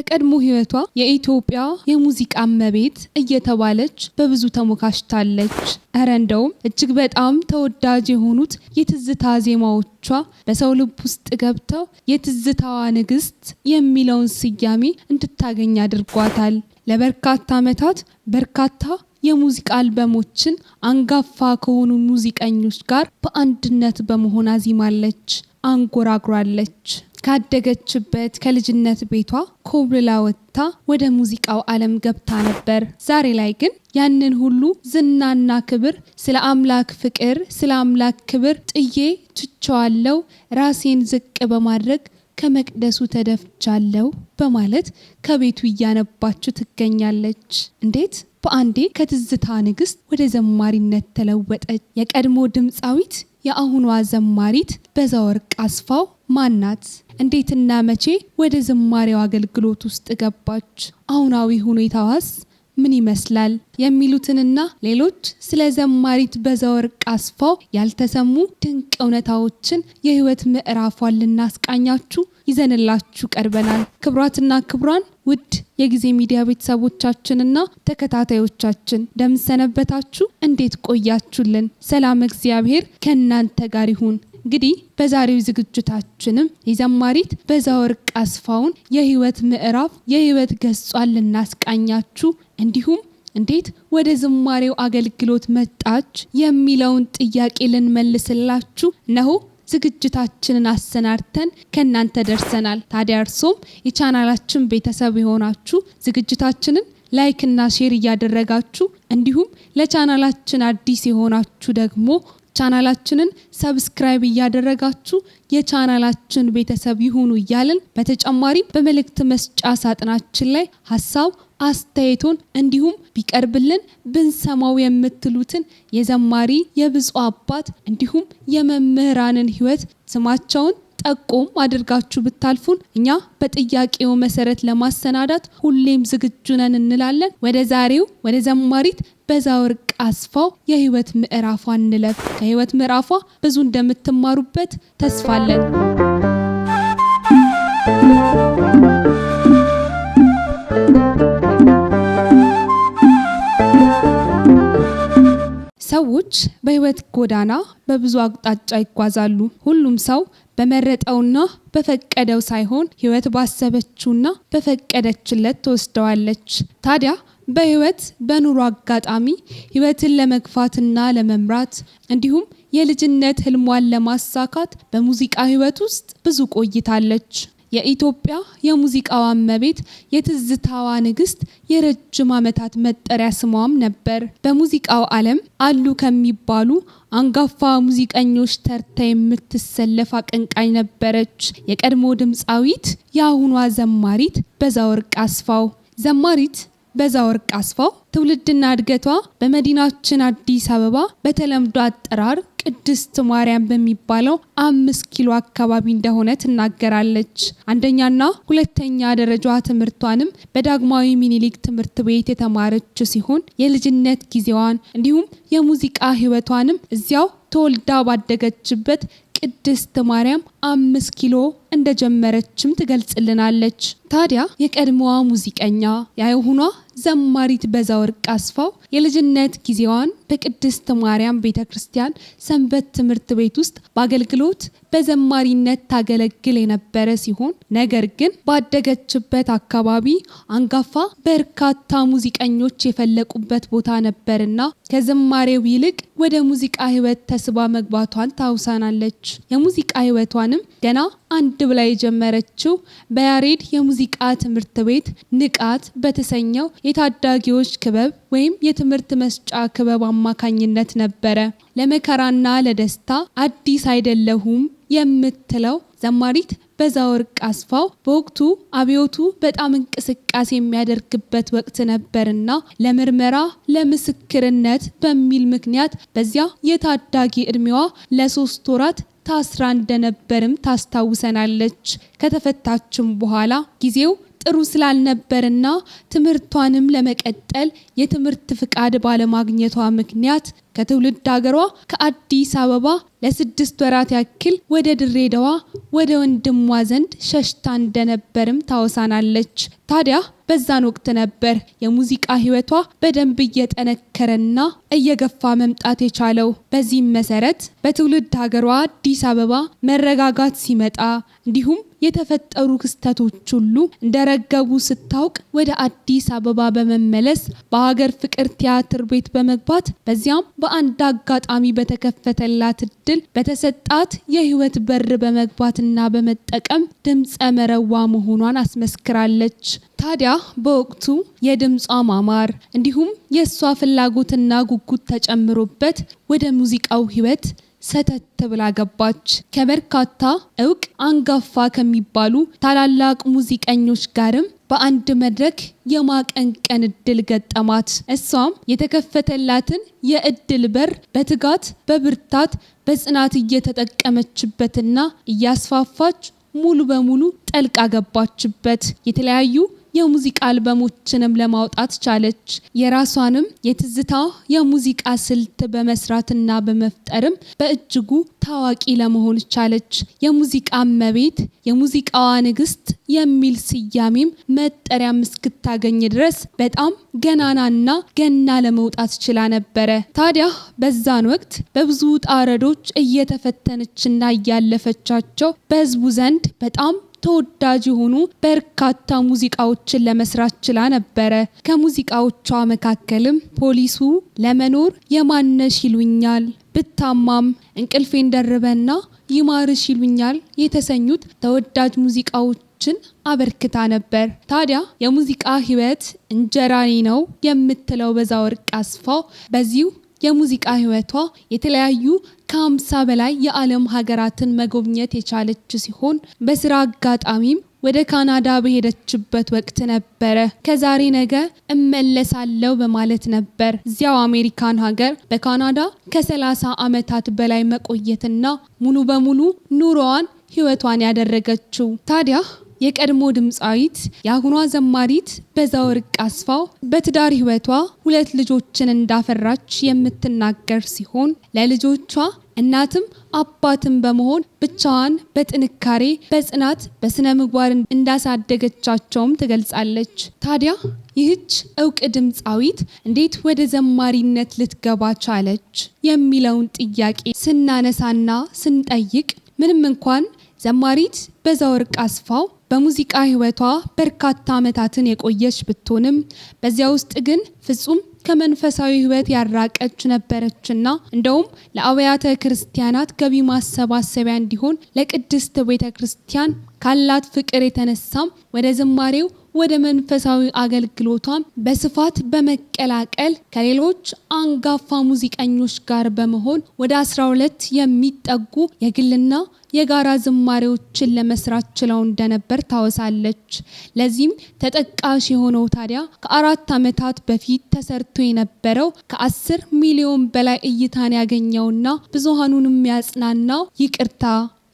በቀድሞ ህይወቷ የኢትዮጵያ የሙዚቃ እመቤት እየተባለች በብዙ ተሞካሽታለች። እረ እንደውም እጅግ በጣም ተወዳጅ የሆኑት የትዝታ ዜማዎቿ በሰው ልብ ውስጥ ገብተው የትዝታዋ ንግስት የሚለውን ስያሜ እንድታገኝ አድርጓታል። ለበርካታ ዓመታት በርካታ የሙዚቃ አልበሞችን አንጋፋ ከሆኑ ሙዚቀኞች ጋር በአንድነት በመሆን አዚማለች፣ አንጎራጉራለች። ካደገችበት ከልጅነት ቤቷ ኮብልላ ወጥታ ወደ ሙዚቃው ዓለም ገብታ ነበር። ዛሬ ላይ ግን ያንን ሁሉ ዝናና ክብር ስለ አምላክ ፍቅር፣ ስለ አምላክ ክብር ጥዬ ትቸዋለው፣ ራሴን ዝቅ በማድረግ ከመቅደሱ ተደፍቻለው በማለት ከቤቱ እያነባችሁ ትገኛለች። እንዴት በአንዴ ከትዝታ ንግስት ወደ ዘማሪነት ተለወጠች? የቀድሞ ድምፃዊት የአሁኗ ዘማሪት በዛወርቅ አስፋው ማናት? እንዴትና መቼ ወደ ዝማሬው አገልግሎት ውስጥ ገባች? አሁናዊ ሁኔታዋስ ምን ይመስላል? የሚሉትንና ሌሎች ስለ ዘማሪት በዘወርቅ አስፋው ያልተሰሙ ድንቅ እውነታዎችን የህይወት ምዕራፏን ልናስቃኛችሁ ይዘንላችሁ ቀርበናል። ክብሯትና ክብሯን ውድ የጊዜ ሚዲያ ቤተሰቦቻችንና ተከታታዮቻችን እንደምንሰነበታችሁ፣ እንዴት ቆያችሁልን? ሰላም እግዚአብሔር ከእናንተ ጋር ይሁን። እንግዲህ በዛሬው ዝግጅታችንም የዘማሪት በዛወርቅ አስፋውን የህይወት ምዕራፍ የህይወት ገጿን ልናስቃኛችሁ እንዲሁም እንዴት ወደ ዝማሬው አገልግሎት መጣች የሚለውን ጥያቄ ልንመልስላችሁ ነሆ ዝግጅታችንን አሰናድተን ከእናንተ ደርሰናል። ታዲያ እርሶም የቻናላችን ቤተሰብ የሆናችሁ ዝግጅታችንን ላይክና ሼር እያደረጋችሁ እንዲሁም ለቻናላችን አዲስ የሆናችሁ ደግሞ ቻናላችንን ሰብስክራይብ እያደረጋችሁ የቻናላችን ቤተሰብ ይሁኑ እያልን በተጨማሪም በመልእክት መስጫ ሳጥናችን ላይ ሀሳብ አስተያየቶን እንዲሁም ቢቀርብልን ብንሰማው የምትሉትን የዘማሪ የብፁ አባት እንዲሁም የመምህራንን ህይወት ስማቸውን ጠቆም አድርጋችሁ ብታልፉን እኛ በጥያቄው መሰረት ለማሰናዳት ሁሌም ዝግጁ ነን እንላለን። ወደ ዛሬው ወደ ዘማሪት በዛወርቅ አስፋው የህይወት ምዕራፏ እንለፍ። ከህይወት ምዕራፏ ብዙ እንደምትማሩበት ተስፋለን። ሰዎች በህይወት ጎዳና በብዙ አቅጣጫ ይጓዛሉ። ሁሉም ሰው በመረጠውና በፈቀደው ሳይሆን ህይወት ባሰበችውና በፈቀደችለት ትወስደዋለች። ታዲያ በህይወት በኑሮ አጋጣሚ ህይወትን ለመግፋትና ለመምራት እንዲሁም የልጅነት ህልሟን ለማሳካት በሙዚቃ ህይወት ውስጥ ብዙ ቆይታለች። የኢትዮጵያ የሙዚቃዋ እመቤት የትዝታዋ ንግስት የረጅም ዓመታት መጠሪያ ስሟም ነበር። በሙዚቃው ዓለም አሉ ከሚባሉ አንጋፋ ሙዚቀኞች ተርታ የምትሰለፍ አቀንቃኝ ነበረች። የቀድሞ ድምፃዊት የአሁኗ ዘማሪት በዛወርቅ አስፋው ዘማሪት በዛ ወርቅ አስፋው ትውልድና እድገቷ በመዲናችን አዲስ አበባ በተለምዶ አጠራር ቅድስት ማርያም በሚባለው አምስት ኪሎ አካባቢ እንደሆነ ትናገራለች። አንደኛና ሁለተኛ ደረጃ ትምህርቷንም በዳግማዊ ሚኒሊክ ትምህርት ቤት የተማረች ሲሆን የልጅነት ጊዜዋን እንዲሁም የሙዚቃ ሕይወቷንም እዚያው ተወልዳ ባደገችበት ቅድስት ማርያም አምስት ኪሎ እንደጀመረችም ትገልጽልናለች። ታዲያ የቀድሞዋ ሙዚቀኛ የአይሁኗ ዘማሪት በዛወርቅ አስፋው የልጅነት ጊዜዋን በቅድስት ማርያም ቤተ ክርስቲያን ሰንበት ትምህርት ቤት ውስጥ በአገልግሎት በዘማሪነት ታገለግል የነበረ ሲሆን ነገር ግን ባደገችበት አካባቢ አንጋፋ በርካታ ሙዚቀኞች የፈለቁበት ቦታ ነበርና ከዝማሬው ይልቅ ወደ ሙዚቃ ሕይወት ተስባ መግባቷን ታውሳናለች። የሙዚቃ ሕይወቷንም ገና አንድ ብላ የጀመረችው በያሬድ የሙዚቃ ትምህርት ቤት ንቃት በተሰኘው የታዳጊዎች ክበብ ወይም የትምህርት መስጫ ክበብ አማካኝነት ነበረ። ለመከራና ለደስታ አዲስ አይደለሁም የምትለው ዘማሪት በዛ ወርቅ አስፋው በወቅቱ አብዮቱ በጣም እንቅስቃሴ የሚያደርግበት ወቅት ነበርና ለምርመራ ለምስክርነት በሚል ምክንያት በዚያ የታዳጊ እድሜዋ ለሶስት ወራት ታስራ እንደነበርም ታስታውሰናለች። ከተፈታችም በኋላ ጊዜው ጥሩ ስላልነበርና ትምህርቷንም ለመቀጠል የትምህርት ፍቃድ ባለማግኘቷ ምክንያት ከትውልድ ሀገሯ ከአዲስ አበባ ለስድስት ወራት ያክል ወደ ድሬዳዋ ወደ ወንድሟ ዘንድ ሸሽታ እንደነበርም ታወሳናለች። ታዲያ በዛን ወቅት ነበር የሙዚቃ ህይወቷ በደንብ እየጠነከረና እየገፋ መምጣት የቻለው። በዚህም መሰረት በትውልድ ሀገሯ አዲስ አበባ መረጋጋት ሲመጣ እንዲሁም የተፈጠሩ ክስተቶች ሁሉ እንደረገቡ ስታውቅ ወደ አዲስ አበባ በመመለስ በሀገር ፍቅር ቲያትር ቤት በመግባት በዚያም በ በአንድ አጋጣሚ በተከፈተላት እድል በተሰጣት የህይወት በር በመግባትና በመጠቀም ድምፀ መረዋ መሆኗን አስመስክራለች። ታዲያ በወቅቱ የድምጿ ማማር እንዲሁም የእሷ ፍላጎትና ጉጉት ተጨምሮበት ወደ ሙዚቃው ህይወት ሰተት ብላ ገባች። ከበርካታ እውቅ አንጋፋ ከሚባሉ ታላላቅ ሙዚቀኞች ጋርም በአንድ መድረክ የማቀንቀን እድል ገጠማት። እሷም የተከፈተላትን የእድል በር በትጋት በብርታት፣ በጽናት እየተጠቀመችበትና እያስፋፋች ሙሉ በሙሉ ጠልቃ ገባችበት የተለያዩ የሙዚቃ አልበሞችንም ለማውጣት ቻለች። የራሷንም የትዝታ የሙዚቃ ስልት በመስራትና በመፍጠርም በእጅጉ ታዋቂ ለመሆን ቻለች። የሙዚቃ እመቤት፣ የሙዚቃዋ ንግስት የሚል ስያሜም መጠሪያም እስክታገኝ ድረስ በጣም ገናናና ገና ለመውጣት ችላ ነበረ። ታዲያ በዛን ወቅት በብዙ ጣረዶች እየተፈተነችና እያለፈቻቸው በህዝቡ ዘንድ በጣም ተወዳጅ የሆኑ በርካታ ሙዚቃዎችን ለመስራት ችላ ነበረ። ከሙዚቃዎቿ መካከልም ፖሊሱ፣ ለመኖር የማነሽ ይሉኛል፣ ብታማም፣ እንቅልፌን ደርበና ይማርሽ ይሉኛል የተሰኙት ተወዳጅ ሙዚቃዎችን አበርክታ ነበር። ታዲያ የሙዚቃ ህይወት እንጀራኔ ነው የምትለው በዛ ወርቅ አስፋው በዚሁ የሙዚቃ ህይወቷ የተለያዩ ከአምሳ በላይ የዓለም ሀገራትን መጎብኘት የቻለች ሲሆን በስራ አጋጣሚም ወደ ካናዳ በሄደችበት ወቅት ነበረ ከዛሬ ነገ እመለሳለሁ በማለት ነበር እዚያው አሜሪካን ሀገር በካናዳ ከ30 ዓመታት በላይ መቆየትና ሙሉ በሙሉ ኑሮዋን ህይወቷን ያደረገችው ታዲያ የቀድሞ ድምፃዊት የአሁኗ ዘማሪት በዛወርቅ አስፋው በትዳር ህይወቷ ሁለት ልጆችን እንዳፈራች የምትናገር ሲሆን ለልጆቿ እናትም አባትም በመሆን ብቻዋን በጥንካሬ በጽናት በስነ ምግባር እንዳሳደገቻቸውም ትገልጻለች። ታዲያ ይህች እውቅ ድምፃዊት እንዴት ወደ ዘማሪነት ልትገባ ቻለች የሚለውን ጥያቄ ስናነሳና ስንጠይቅ ምንም እንኳን ዘማሪት በዛወርቅ አስፋው በሙዚቃ ህይወቷ በርካታ ዓመታትን የቆየች ብትሆንም በዚያ ውስጥ ግን ፍጹም ከመንፈሳዊ ህይወት ያራቀች ነበረችና እንደውም ለአብያተ ክርስቲያናት ገቢ ማሰባሰቢያ እንዲሆን ለቅድስት ቤተ ክርስቲያን ካላት ፍቅር የተነሳም ወደ ዝማሬው ወደ መንፈሳዊ አገልግሎቷም በስፋት በመቀላቀል ከሌሎች አንጋፋ ሙዚቀኞች ጋር በመሆን ወደ 12 የሚጠጉ የግልና የጋራ ዝማሬዎችን ለመስራት ችለው እንደነበር ታወሳለች። ለዚህም ተጠቃሽ የሆነው ታዲያ ከአራት ዓመታት በፊት ተሰርቶ የነበረው ከአስር ሚሊዮን በላይ እይታን ያገኘውና ብዙሀኑን የሚያጽናናው ይቅርታ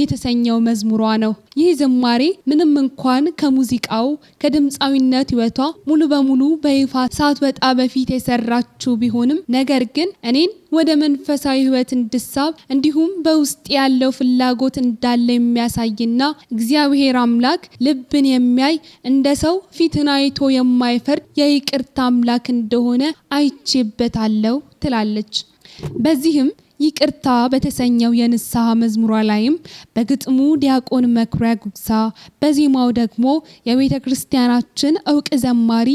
የተሰኘው መዝሙሯ ነው። ይህ ዝማሬ ምንም እንኳን ከሙዚቃው ከድምፃዊነት ህይወቷ ሙሉ በሙሉ በይፋ ሳትወጣ በፊት የሰራችው ቢሆንም ነገር ግን እኔን ወደ መንፈሳዊ ህይወት እንድሳብ እንዲሁም በውስጥ ያለው ፍላጎት እንዳለ የሚያሳይና እግዚአብሔር አምላክ ልብን የሚያይ እንደ ሰው ፊትን አይቶ የማይፈርድ የይቅርታ አምላክ እንደሆነ አይቼበታለሁ ትላለች። በዚህም ይቅርታ በተሰኘው የንስሐ መዝሙሯ ላይም በግጥሙ ዲያቆን መኩሪያ ጉግሳ በዜማው ደግሞ የቤተ ክርስቲያናችን እውቅ ዘማሪ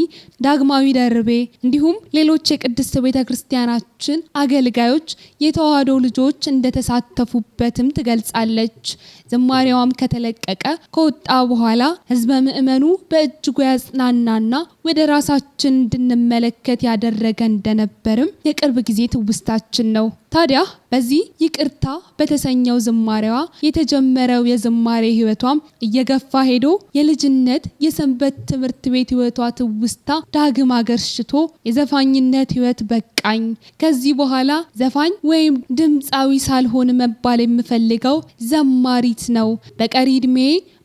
ዳግማዊ ደርቤ እንዲሁም ሌሎች የቅድስት ቤተ ክርስቲያናችን አገልጋዮች የተዋህዶ ልጆች እንደተሳተፉበትም ትገልጻለች። ዝማሬዋም ከተለቀቀ ከወጣ በኋላ ህዝበ ምእመኑ በእጅጉ ያጽናናና ወደ ራሳችን እንድንመለከት ያደረገ እንደነበርም የቅርብ ጊዜ ትውስታችን ነው። ታዲያ በዚህ ይቅርታ በተሰኘው ዝማሬዋ የተጀመረው የዝማሬ ህይወቷም እየገፋ ሄዶ የልጅነት የሰንበት ትምህርት ቤት ህይወቷ ትውስታ ዳግም አገርሽቶ የዘፋኝነት ህይወት በቃኝ፣ ከዚህ በኋላ ዘፋኝ ወይም ድምፃዊ ሳልሆን መባል የምፈልገው ዘማሪት ነው። በቀሪ እድሜ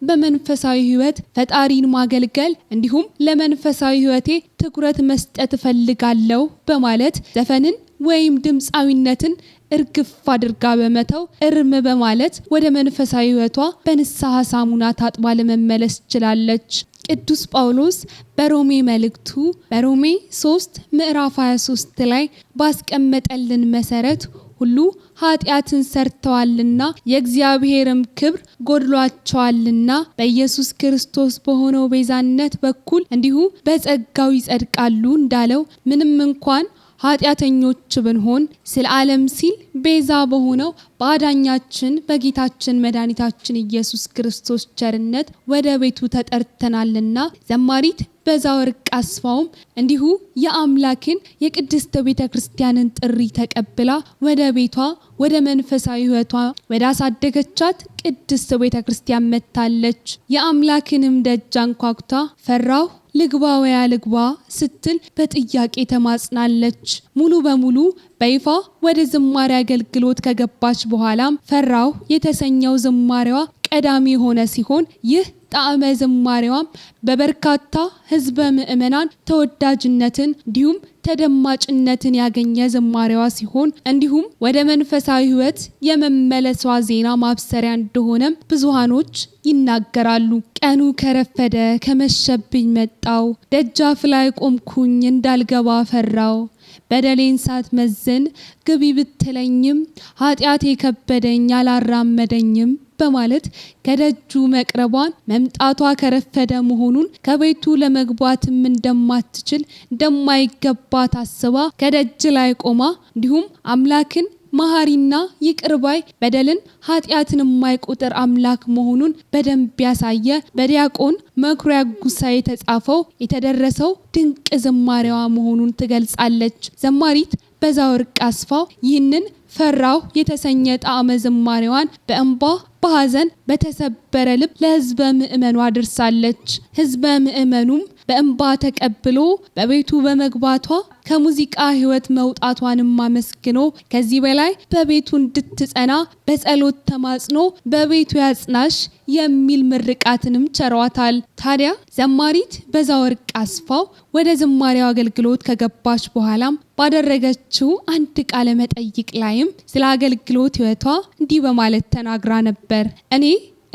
በመንፈሳዊ ህይወት ፈጣሪን ማገልገል እንዲሁም ለመንፈሳዊ ህይወቴ ትኩረት መስጠት እፈልጋለሁ በማለት ዘፈንን ወይም ድምፃዊነትን እርግፍ አድርጋ በመተው እርም በማለት ወደ መንፈሳዊ ሕይወቷ በንስሐ ሳሙና ታጥባ ለመመለስ ችላለች። ቅዱስ ጳውሎስ በሮሜ መልእክቱ በሮሜ 3 ምዕራፍ 23 ላይ ባስቀመጠልን መሰረት ሁሉ ኃጢአትን ሰርተዋልና የእግዚአብሔርም ክብር ጎድሏቸዋልና በኢየሱስ ክርስቶስ በሆነው ቤዛነት በኩል እንዲሁ በጸጋው ይጸድቃሉ እንዳለው ምንም እንኳን ኃጢአተኞች ብንሆን ስለ ዓለም ሲል ቤዛ በሆነው በአዳኛችን በጌታችን መድኃኒታችን ኢየሱስ ክርስቶስ ቸርነት ወደ ቤቱ ተጠርተናልና። ዘማሪት በዛወርቅ አስፋውም እንዲሁ የአምላክን የቅድስት ቤተ ክርስቲያንን ጥሪ ተቀብላ ወደ ቤቷ ወደ መንፈሳዊ ህይወቷ ወደ አሳደገቻት ቅድስት ቤተ ክርስቲያን መታለች። የአምላክንም ደጅ አንኳኩታ ፈራሁ ወያ ልግባ ስትል በጥያቄ ተማጽናለች። ሙሉ በሙሉ በይፋ ወደ ዝማሬ አገልግሎት ከገባች በኋላም ፈራሁ የተሰኘው ዝማሬዋ ቀዳሚ የሆነ ሲሆን ይህ ጣዕመ ዝማሬዋም በበርካታ ህዝበ ምዕመናን ተወዳጅነትን እንዲሁም ተደማጭነትን ያገኘ ዝማሬዋ ሲሆን እንዲሁም ወደ መንፈሳዊ ህይወት የመመለሷ ዜና ማብሰሪያ እንደሆነም ብዙሃኖች ይናገራሉ። ቀኑ ከረፈደ ከመሸብኝ መጣው፣ ደጃፍ ላይ ቆምኩኝ እንዳልገባ ፈራው በደሌን ሳትመዝን ግቢ ብትለኝም ኃጢአት የከበደኝ አላራመደኝም በማለት ከደጁ መቅረቧን መምጣቷ ከረፈደ መሆኑን ከቤቱ ለመግባትም እንደማትችል እንደማይገባ ታስባ ከደጅ ላይ ቆማ እንዲሁም አምላክን መሀሪና ይቅርባይ በደልን ኃጢአትን የማይቆጥር አምላክ መሆኑን በደንብ ያሳየ በዲያቆን መኩሪያ ጉሳ የተጻፈው የተደረሰው ድንቅ ዝማሬዋ መሆኑን ትገልጻለች። ዘማሪት በዛ ወርቅ አስፋው ይህንን ፈራው የተሰኘ ጣዕመ ዝማሬዋን በእንባ በሐዘን በተሰበረ ልብ ለህዝበ ምእመኑ አድርሳለች። ህዝበ ምእመኑም በእንባ ተቀብሎ በቤቱ በመግባቷ ከሙዚቃ ህይወት መውጣቷንም አመስግኖ ከዚህ በላይ በቤቱ እንድትጸና በጸሎት ተማጽኖ በቤቱ ያጽናሽ የሚል ምርቃትንም ቸሯታል። ታዲያ ዘማሪት በዛወርቅ አስፋው ወደ ዝማሬው አገልግሎት ከገባች በኋላም ባደረገችው አንድ ቃለ መጠይቅ ላይም ስለ አገልግሎት ህይወቷ እንዲህ በማለት ተናግራ ነበር እኔ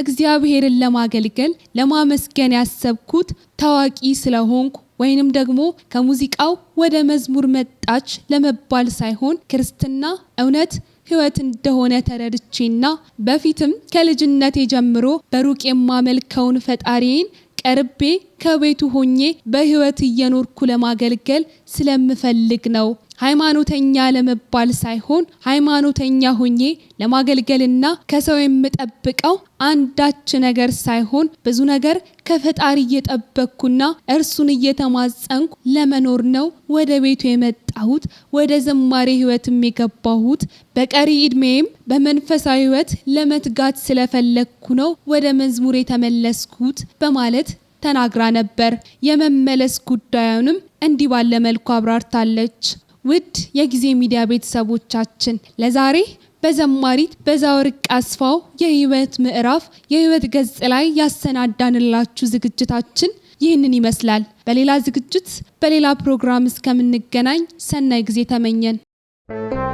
እግዚአብሔርን ለማገልገል ለማመስገን ያሰብኩት ታዋቂ ስለሆንኩ ወይንም ደግሞ ከሙዚቃው ወደ መዝሙር መጣች ለመባል ሳይሆን ክርስትና እውነት ህይወት እንደሆነ ተረድቼና በፊትም ከልጅነቴ ጀምሮ በሩቅ የማመልከውን ፈጣሪዬን ቀርቤ ከቤቱ ሆኜ በህይወት እየኖርኩ ለማገልገል ስለምፈልግ ነው። ሃይማኖተኛ ለመባል ሳይሆን ሃይማኖተኛ ሆኜ ለማገልገልና ከሰው የምጠብቀው አንዳች ነገር ሳይሆን ብዙ ነገር ከፈጣሪ እየጠበቅኩና እርሱን እየተማጸንኩ ለመኖር ነው ወደ ቤቱ የመጣሁት፣ ወደ ዝማሬ ህይወትም የገባሁት። በቀሪ ዕድሜም በመንፈሳዊ ህይወት ለመትጋት ስለፈለግኩ ነው ወደ መዝሙር የተመለስኩት በማለት ተናግራ ነበር። የመመለስ ጉዳዩንም እንዲህ ባለ መልኩ አብራርታለች። ውድ የጊዜ ሚዲያ ቤተሰቦቻችን ለዛሬ በዘማሪት በዛወርቅ አስፋው የህይወት ምዕራፍ የህይወት ገጽ ላይ ያሰናዳንላችሁ ዝግጅታችን ይህንን ይመስላል። በሌላ ዝግጅት በሌላ ፕሮግራም እስከምንገናኝ ሰናይ ጊዜ ተመኘን።